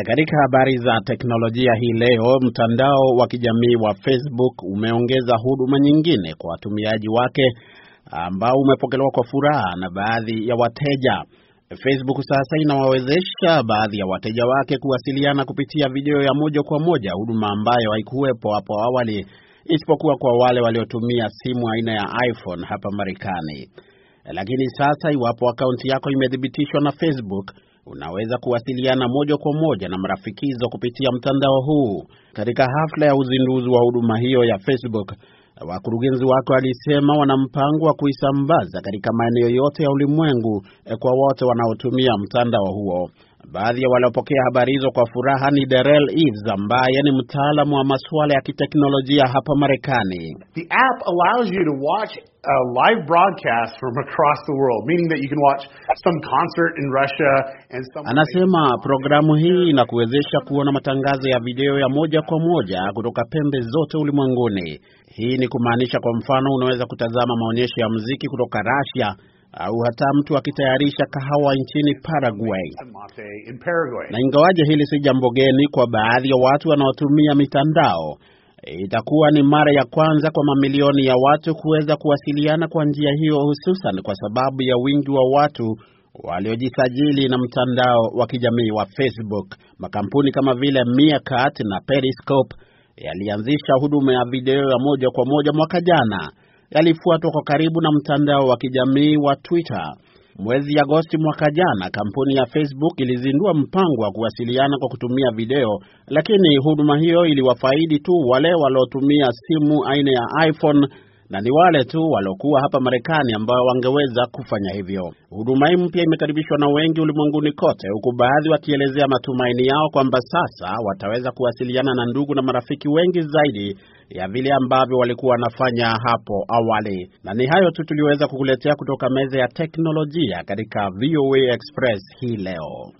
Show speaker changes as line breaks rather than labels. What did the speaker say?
E, katika habari za teknolojia hii leo, mtandao wa kijamii wa Facebook umeongeza huduma nyingine kwa watumiaji wake ambao umepokelewa kwa furaha na baadhi ya wateja. Facebook sasa inawawezesha baadhi ya wateja wake kuwasiliana kupitia video ya moja kwa moja, huduma ambayo haikuwepo hapo awali isipokuwa kwa wale waliotumia simu aina ya iPhone hapa Marekani. E, lakini sasa, iwapo akaunti yako imethibitishwa na Facebook, unaweza kuwasiliana moja kwa moja na marafikizo kupitia mtandao huu. Katika hafla ya uzinduzi wa huduma hiyo ya Facebook, wakurugenzi wake walisema wana mpango wa kuisambaza katika maeneo yote ya ulimwengu eh, kwa wote wanaotumia mtandao huo Baadhi ya waliopokea habari hizo kwa furaha ni Darrell Eves ambaye ni mtaalamu wa masuala ya kiteknolojia hapa Marekani. The app allows you to watch a live broadcast from across the world, meaning that you can watch some concert in Russia and some... Anasema programu hii inakuwezesha kuona matangazo ya video ya moja kwa moja kutoka pembe zote ulimwenguni. Hii ni kumaanisha, kwa mfano, unaweza kutazama maonyesho ya muziki kutoka Russia au hata mtu akitayarisha kahawa nchini Paraguay. Na ingawaje hili si jambo geni kwa baadhi ya watu wanaotumia mitandao, itakuwa ni mara ya kwanza kwa mamilioni ya watu kuweza kuwasiliana kwa njia hiyo, hususan kwa sababu ya wingi wa watu waliojisajili na mtandao wa kijamii wa Facebook. Makampuni kama vile Meerkat na Periscope yalianzisha huduma ya video ya moja kwa moja mwaka jana yalifuatwa kwa karibu na mtandao wa kijamii wa Twitter. Mwezi Agosti mwaka jana, kampuni ya Facebook ilizindua mpango wa kuwasiliana kwa kutumia video, lakini huduma hiyo iliwafaidi tu wale waliotumia simu aina ya iPhone na ni wale tu waliokuwa hapa Marekani ambao wangeweza kufanya hivyo. Huduma hii mpya imekaribishwa na wengi ulimwenguni kote, huku baadhi wakielezea matumaini yao kwamba sasa wataweza kuwasiliana na ndugu na marafiki wengi zaidi ya vile ambavyo walikuwa wanafanya hapo awali. Na ni hayo tu tuliweza kukuletea kutoka meza ya teknolojia katika VOA Express hii leo.